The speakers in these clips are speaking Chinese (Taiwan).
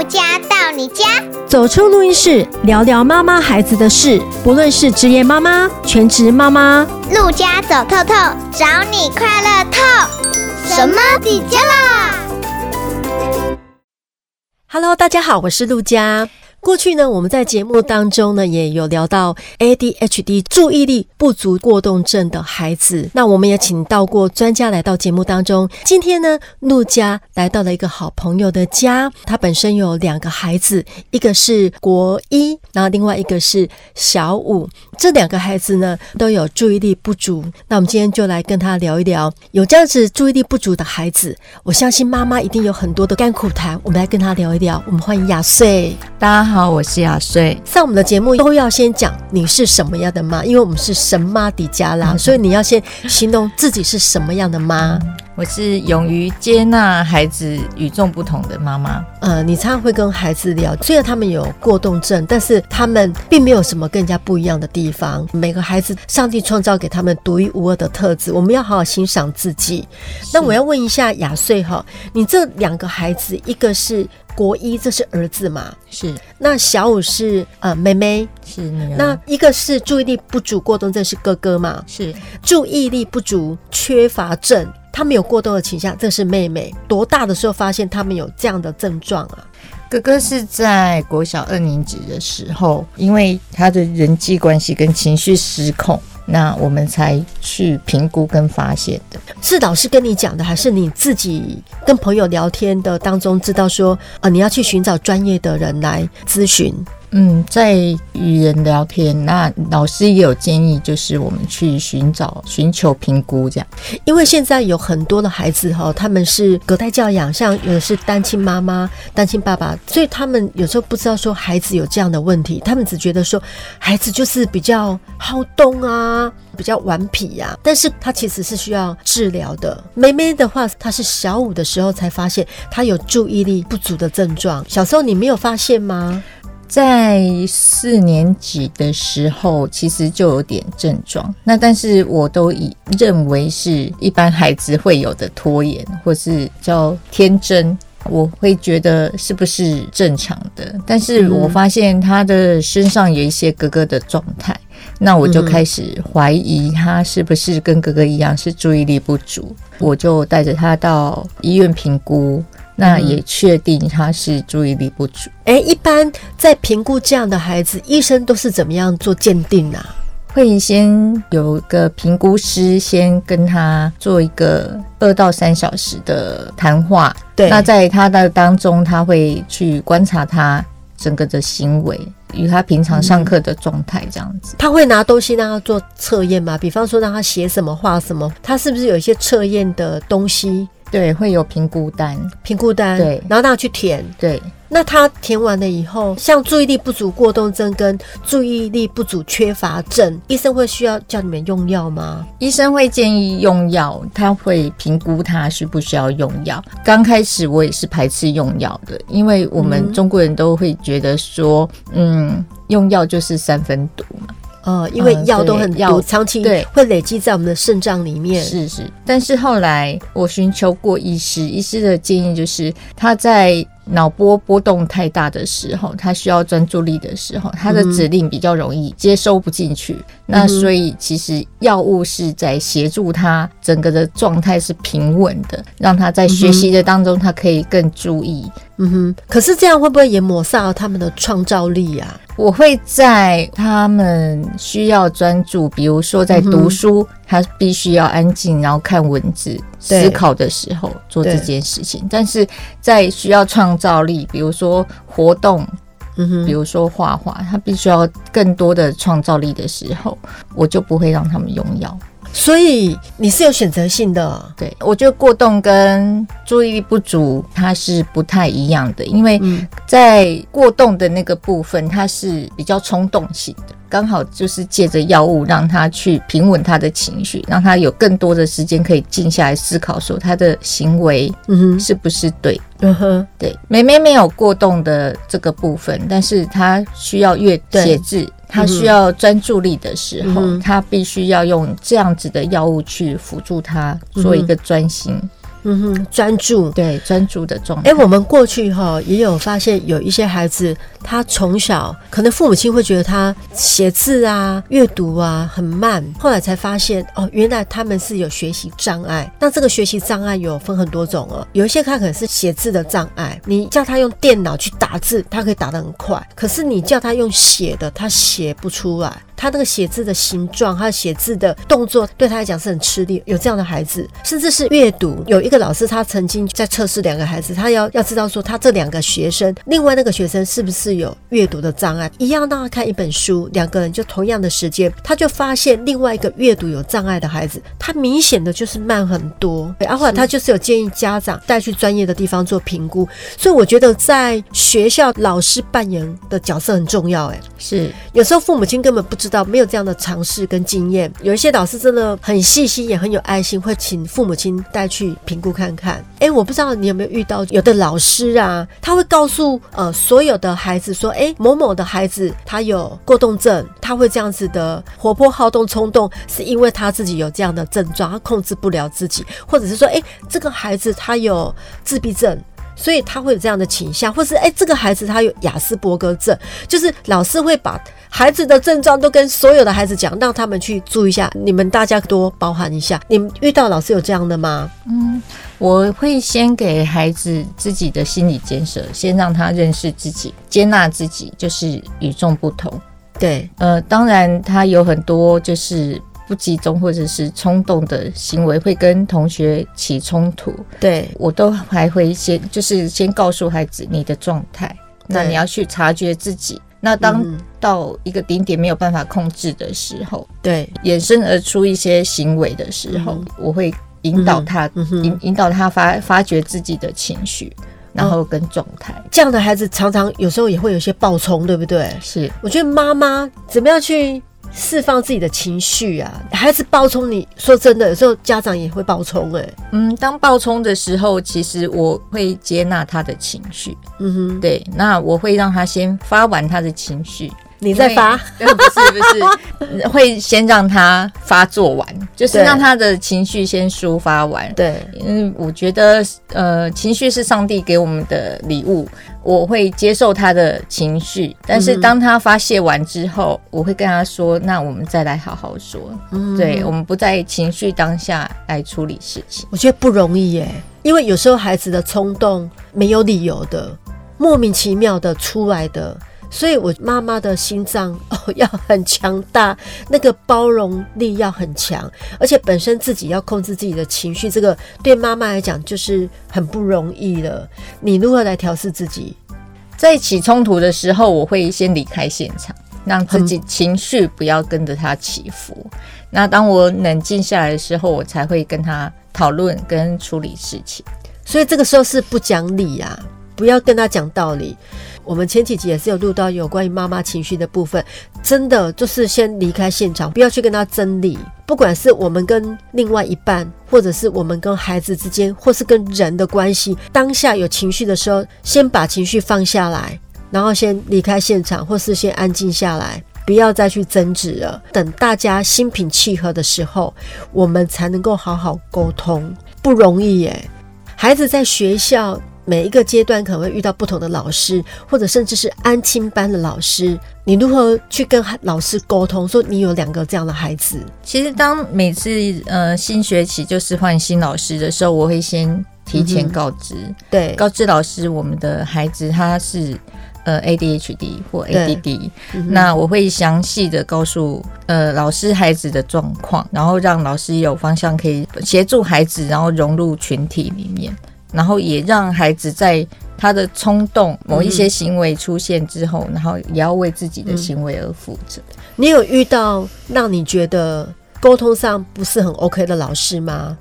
陸家到你家，走出錄音室，聊聊媽媽孩子的事。不論是職業媽媽、全職媽媽，陸家走透透，找你快樂透。神媽底加拉！Hello，大家好，我是陸家。過去呢，我們在節目當中呢，也有聊到 ADHD 注意力不足過動症的孩子。那我們也請到過專家來到節目當中。今天呢，陸家來到了一個好朋友的家，他本身有兩個孩子，一個是國一，然後另外一個是小五。這兩個孩子呢，都有注意力不足。那我們今天就來跟他聊一聊，有這樣子注意力不足的孩子，我相信媽媽一定有很多的甘苦談。我們來跟他聊一聊。我們歡迎雅穗大好，我是雅穗。上我們的節目都要先講，你是什麼樣的媽？因為我們是神媽底加拉， 所以你要先形容自己是什麼樣的媽。我是勇於接納孩子與眾不同的媽媽。呃，你常常會跟孩子聊，雖然他們有過動症，但是他們並沒有什麼更加不一樣的地方。每個孩子，上帝創造給他們獨一無二的特質，我們要好好欣賞自己。是那我要問一下雅穗哈，你這兩個孩子，一個是國一，這是兒子嘛？是。那小五是呃妹妹，是。那一個是注意力不足過動症，是哥哥嘛？是。注意力不足缺乏症。他們有過多的傾向，這是妹妹多大的時候發現他們有這樣的症狀啊？哥哥是在國小二年級的時候，因為他的人際關係跟情緒失控，那我們才去評估跟發現的。是老師跟你講的，還是你自己跟朋友聊天的當中知道說啊、呃，你要去尋找專業的人來諮詢？嗯，在與人聊天，那老師也有建議，就是我們去尋找、尋求評估這樣。因為現在有很多的孩子哈，他們是隔代教養，像有的是單親媽媽、單親爸爸，所以他們有時候不知道說孩子有這樣的問題，他們只覺得說孩子就是比較好動啊，比較頑皮呀、啊。但是他其實是需要治療的。妹妹的話，她是小五的時候才發現她有注意力不足的症狀，小時候你沒有發現嗎？在四年級的時候，其實就有點症狀。那但是我都以認為是一般孩子會有的拖延或是叫天真，我會覺得是不是正常的。但是我發現他的身上有一些哥哥的狀態，那我就開始懷疑他是不是跟哥哥一樣是注意力不足，我就帶着他到醫院評估。那也確定他是注意力不足。哎、欸，一般在評估這樣的孩子，醫生都是怎麼樣做鑑定呢、啊？會先有個評估師先跟他做一個二到三小時的談話。對，那在他的當中，他會去觀察他整個的行為與他平常上課的狀態這樣子、嗯。他會拿東西讓他做測驗嗎？比方說讓他寫什麼、畫什麼，他是不是有一些測驗的東西？對，會有評估單，評估單，對，然後拿去填，對。那他填完了以後，像注意力不足過動症跟注意力不足缺乏症，醫生會需要叫你們用藥嗎？醫生會建議用藥，他會評估他需不需要用藥。剛開始我也是排斥用藥的，因為我們中國人都會覺得說，嗯，用藥就是三分毒嘛。呃、哦，因為藥都很毒，嗯，對，對會累積在我們的腎臟裡面。是是，但是後來我尋求過醫師，醫師的建議就是他在，腦波波動太大的時候，他需要專注力的時候，他的指令比較容易接收不進去。嗯哼，那所以其實藥物是在協助他整個的狀態是平穩的，讓他在學習的當中他、嗯哼，可以更注意。嗯哼，可是這樣會不會也抹殺了他們的創造力啊？我會在他們需要專注，比如說在讀書，他、嗯哼，必須要安靜，然後看文字。思考的時候做這件事情，對但是在需要創造力，比如說活動，嗯哼，比如說畫畫，他必須要更多的創造力的時候，我就不會讓他們用藥。所以你是有選擇性的？對，我覺得過動跟注意力不足它是不太一樣的，因為在過動的那個部分，它是比較衝動性的。剛好就是借着藥物讓他去平穩他的情緒，讓他有更多的時間可以靜下來思考，說他的行為是不是對。嗯、哼對，妹妹沒有過動的這個部分，但是她需要閱讀寫字，對她需要專注力的時候，嗯、哼她必須要用這樣子的藥物去輔助她做一個專心。嗯嗯哼，專注，對，專注的狀態。哎、欸，我們過去哈也有發現，有一些孩子他從小可能父母親會覺得他寫字啊、閱讀啊很慢，後來才發現哦，原來他們是有學習障礙。那這個學習障礙有分很多種哦，有一些他可能是寫字的障礙，你叫他用電腦去打字，他可以打得很快，可是你叫他用寫的，他寫不出來，他那個寫字的形狀、他寫字的動作對他來講是很吃力。有這樣的孩子，甚至是閱讀有。一個老師，他曾經在測試兩個孩子，他要要知道說他這兩個學生，另外那個學生是不是有閱讀的障礙？一樣讓他看一本書，兩個人就同樣的時間，他就發現另外一個閱讀有障礙的孩子，他明顯的就是慢很多。阿華是、啊，他就是有建議家長帶去專業的地方做評估，所以我覺得在學校老師扮演的角色很重要，欸。哎，是，是有時候父母親根本不知道，沒有這樣的嘗試跟經驗。有一些老師真的很細心，也很有愛心，會請父母親帶去評。顧看看，哎，我不知道你有沒有遇到有的老師啊，他會告訴呃所有的孩子說，哎，某某的孩子他有過動症，他會這樣子的活潑好動衝動，是因為他自己有這樣的症狀，他控制不了自己，或者是說，哎，這個孩子他有自閉症。所以他會有這樣的傾向，或是誒、欸，這個孩子他有亞斯伯格症，就是老師會把孩子的症狀都跟所有的孩子講，讓他們去注意一下。你們大家多包涵一下。你們遇到老師有這樣的嗎？嗯，我會先給孩子自己的心理建設，先讓他認識自己，接納自己，就是與眾不同。對，呃，當然他有很多就是。不集中，或者是衝動的行為，會跟同學起衝突。對，我都還會先就是先告訴孩子你的狀態，對那你要去察覺自己。那當到一個頂點沒有辦法控制的時候，對，衍生而出一些行為的時候，對我會引導他引、嗯、哼引導他發發掘自己的情緒，然後跟狀態、哦。這樣的孩子常常有時候也會有些暴衝，對不對？是，我覺得媽媽怎麼樣去。釋放自己的情緒啊，還是爆衝？你說真的，有時候家長也會爆衝哎。嗯，當爆衝的時候，其實我會接納他的情緒。嗯哼，對，那我會讓他先發完他的情緒。你在發？對，不是不是，不是 會先讓他發作完，就是讓他的情緒先抒發完。對，因為我覺得，呃，情緒是上帝給我們的禮物，我會接受他的情緒，但是當他發洩完之後，嗯、哼我會跟他說：“那我們再來好好說。嗯哼”對，我們不在情緒當下來處理事情。我覺得不容易耶，因為有時候孩子的衝動沒有理由的，莫名其妙的出來的。所以，我媽媽的心臟哦要很強大，那個包容力要很強，而且本身自己要控制自己的情緒，這個對媽媽來講就是很不容易了。你如何來調試自己？在一起衝突的時候，我會先離開現場，讓自己情緒不要跟着他起伏。嗯、那當我冷靜下來的時候，我才會跟他討論跟處理事情。所以這個時候是不講理啊，不要跟他講道理。我們前幾集也是有錄到有關於媽媽情緒的部分，真的就是先離開現場，不要去跟她爭理。不管是我們跟另外一半，或者是我們跟孩子之間，或是跟人的關係，當下有情緒的時候，先把情緒放下來，然後先離開現場，或是先安靜下來，不要再去爭執了。等大家心平氣和的時候，我們才能夠好好溝通。不容易耶、欸，孩子在學校。每一個階段可能會遇到不同的老師，或者甚至是安親班的老師，你如何去跟老師溝通？說你有兩個這樣的孩子。其實，當每次呃新學期就是換新老師的時候，我會先提前告知，嗯、對，告知老師我們的孩子他是呃 ADHD 或 ADD，對那我會詳細的告訴呃老師孩子的狀況，然後讓老師有方向可以協助孩子，然後融入群體裡面。然後也讓孩子在他的衝動某一些行為出現之後，嗯、然後也要為自己的行為而負責。你有遇到讓你覺得溝通上不是很 OK 的老師嗎？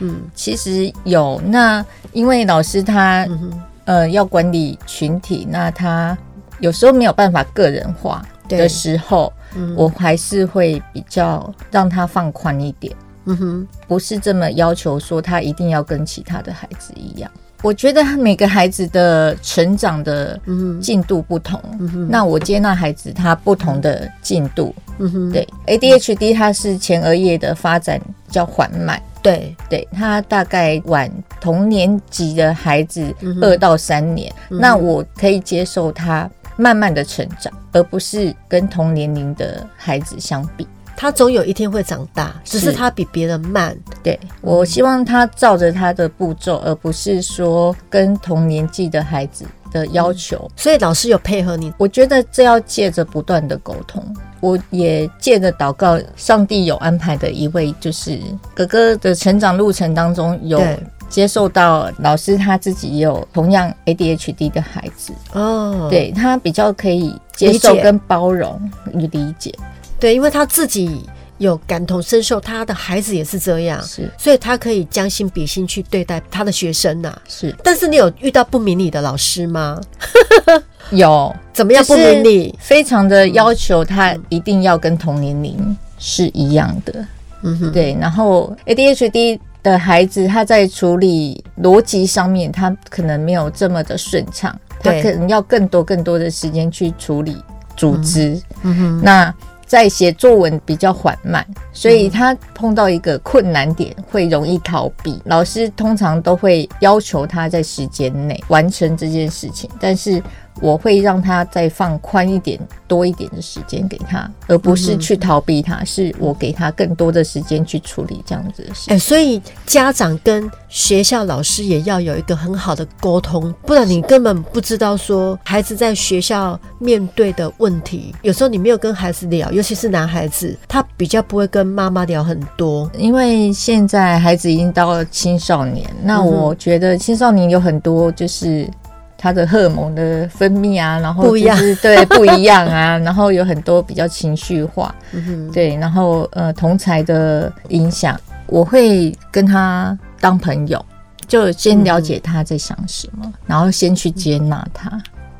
嗯，其實有。那因為老師他、嗯哼、呃要管理群體，那他有時候沒有辦法個人化的時候，嗯、我還是會比較讓他放寬一點。嗯哼，不是這麼要求，說他一定要跟其他的孩子一樣。我覺得每個孩子的成長的進度不同，嗯哼，嗯哼，那我接納孩子他不同的進度。嗯哼，對，ADHD，他是前額葉的發展較緩慢。嗯哼。對，對，他大概晚同年級的孩子二到三年，嗯，嗯，那我可以接受他慢慢的成長，而不是跟同年齡的孩子相比。他總有一天會長大，只是他比別人慢。對，我希望他照着他的步驟，嗯、而不是說跟同年紀的孩子的要求、嗯。所以老師有配合你？我覺得這要借着不斷的溝通。我也借着禱告，上帝有安排的一位，就是哥哥的成長路程當中有接受到老師，他自己也有同樣 ADHD 的孩子。哦，對，他比較可以接受、跟包容與理解。理解對，因為他自己有感同身受，他的孩子也是這樣，是，所以他可以將心比心去對待他的學生吶、啊。是，但是你有遇到不明理的老師嗎？ 有，怎麼樣不明理？非常的要求他一定要跟同年齡是一樣的。嗯哼，對。然後 ADHD 的孩子，他在處理邏輯上面，他可能沒有這麼的順暢，對他可能要更多更多的時間去處理組織。嗯哼，那。在寫作文比較緩慢，所以他碰到一個困難點，會容易逃避。老師通常都會要求他在時間內完成這件事情，但是。我會讓他再放寬一點，多一點的時間給他，而不是去逃避他，是我給他更多的時間去處理這樣子的事情。欸，所以家長跟學校老師也要有一個很好的溝通，不然你根本不知道說孩子在學校面對的問題。有時候你沒有跟孩子聊，尤其是男孩子，他比較不會跟媽媽聊很多。因為現在孩子已經到了青少年，那我覺得青少年有很多就是。他的荷爾蒙的分泌啊，然後、就是、不一樣，對不一樣啊， 然後有很多比較情緒化，嗯、哼對，然後呃同儕的影響，我會跟他當朋友，就先了解他在想什麼，嗯、哼然後先去接納他，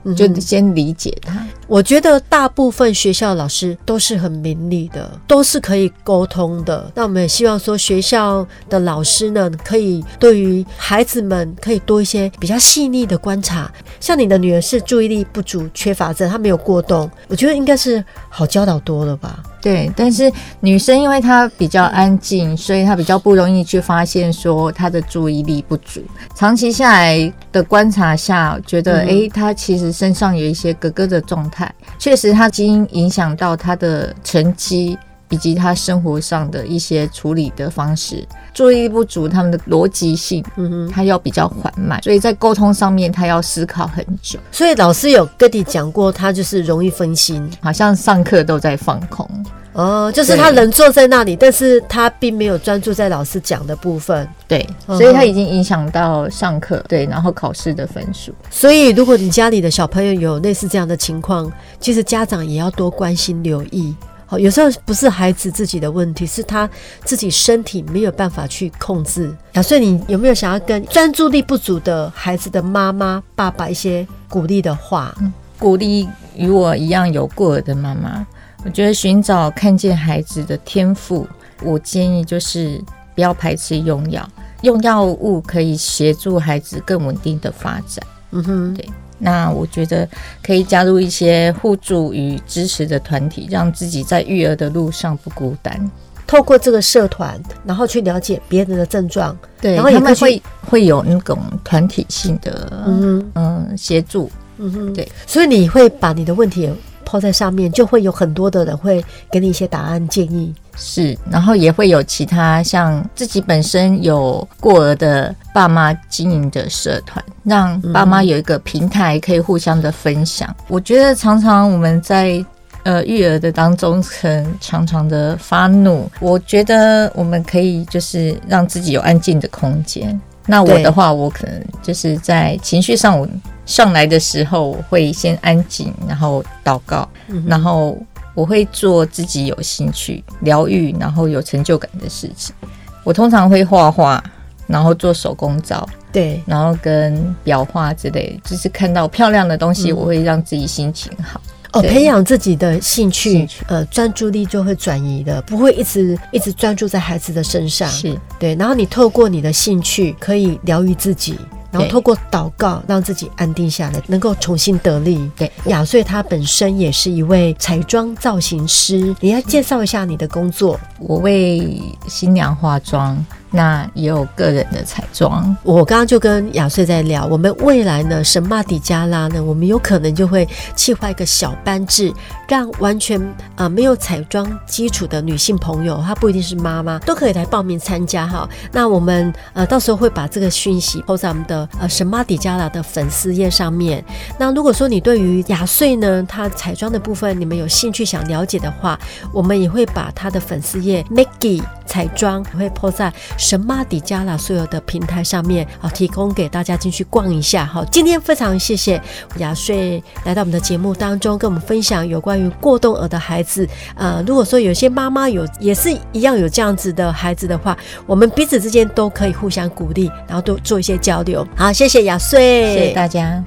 嗯、哼就先理解他。我覺得大部分學校老師都是很明理的，都是可以溝通的。那我們也希望說學校的老師呢，可以對於孩子們可以多一些比較細膩的觀察。像你的女兒是注意力不足缺乏症，她沒有過動，我覺得應該是好教導多了吧。對，但是女生因為她比較安靜，所以她比較不容易去發現說她的注意力不足。長期下來的觀察下，覺得哎，她其實身上有一些哥哥的狀態。確實，他已經影響到他的成績，以及他生活上的一些處理的方式。注意力不足，他們的邏輯性，嗯他要比較緩慢，所以在溝通上面他要思考很久。所以老師有跟你講過，他就是容易分心，好像上課都在放空？哦，就是他能坐在那裡，對但是他並沒有專注在老師講的部分，對，所以他已經影響到上課，對，然後考試的分數。所以如果你家裡的小朋友有類似這樣的情況，其實家長也要多關心、留意。好、哦，有時候不是孩子自己的問題，是他自己身體沒有辦法去控制。啊、所以你有沒有想要跟專注力不足的孩子的媽媽、爸爸一些鼓勵的話？嗯、鼓勵與我一樣有過的媽媽。我覺得尋找看見孩子的天賦，我建議就是不要排斥用藥，用藥物可以協助孩子更穩定的發展。嗯哼，對。那我覺得可以加入一些互助與支持的團體，讓自己在育兒的路上不孤單。透過這個社團，然後去了解別人的症狀，對，然後他們也會會有那種團體性的，嗯嗯，協助。嗯哼，嗯嗯哼，對。所以你會把你的問題。拋在上面，就會有很多的人會給你一些答案建議。是，然後也會有其他像自己本身有過兒的爸媽經營的社團，讓爸媽有一個平台可以互相的分享。嗯、我覺得常常我們在呃育兒的當中，很常常的發怒。我覺得我們可以就是讓自己有安靜的空間。那我的話，對我可能就是在情緒上我，上來的時候我會先安靜，然後禱告，然後我會做自己有興趣、療癒，然後有成就感的事情。我通常會畫畫，然後做手工皂，對，然後跟裱畫之類，就是看到漂亮的東西，嗯、我會讓自己心情好。哦，對培養自己的興趣，興趣，呃，專注力就會轉移的，不會一直一直專注在孩子的身上。是對，然後你透過你的興趣可以療癒自己。然後透過禱告讓自己安定下來，對能夠重新得力。對，雅穗她本身也是一位彩妝造型師，你要介紹一下你的工作？我為新娘化妝。那也有個人的彩妝，我剛剛就跟雅穗在聊，我們未來呢，神媽底加拉呢，我們有可能就會企劃一個小班制，讓完全啊、呃、沒有彩妝基礎的女性朋友，她不一定是媽媽，都可以來報名參加哈。那我們呃到時候會把這個訊息 po 在我們的呃神媽底加拉的粉絲頁上面。那如果說你對於雅穗呢，她彩妝的部分，你們有興趣想了解的話，我們也會把她的粉絲頁 Maggie 彩妝會 po 在。神媽底加拉所有的平台上面，提供給大家進去逛一下。好，今天非常謝謝雅穗來到我們的節目當中，跟我們分享有關於過動兒的孩子。呃，如果說有些媽媽有也是一樣有這樣子的孩子的話，我們彼此之間都可以互相鼓勵，然後多做一些交流。好，謝謝雅穗，謝謝大家。